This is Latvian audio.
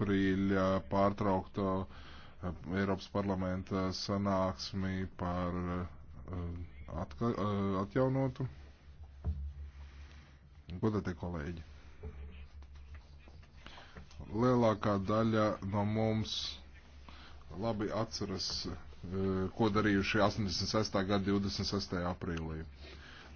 aprīļa pārtraukto eh, Eiropas parlamenta sanāksmi par eh, atka, eh, atjaunotu. Godātie kolēģi! Lielākā daļa no mums labi atceras, ko darījuši 86. gada 26. aprīlī.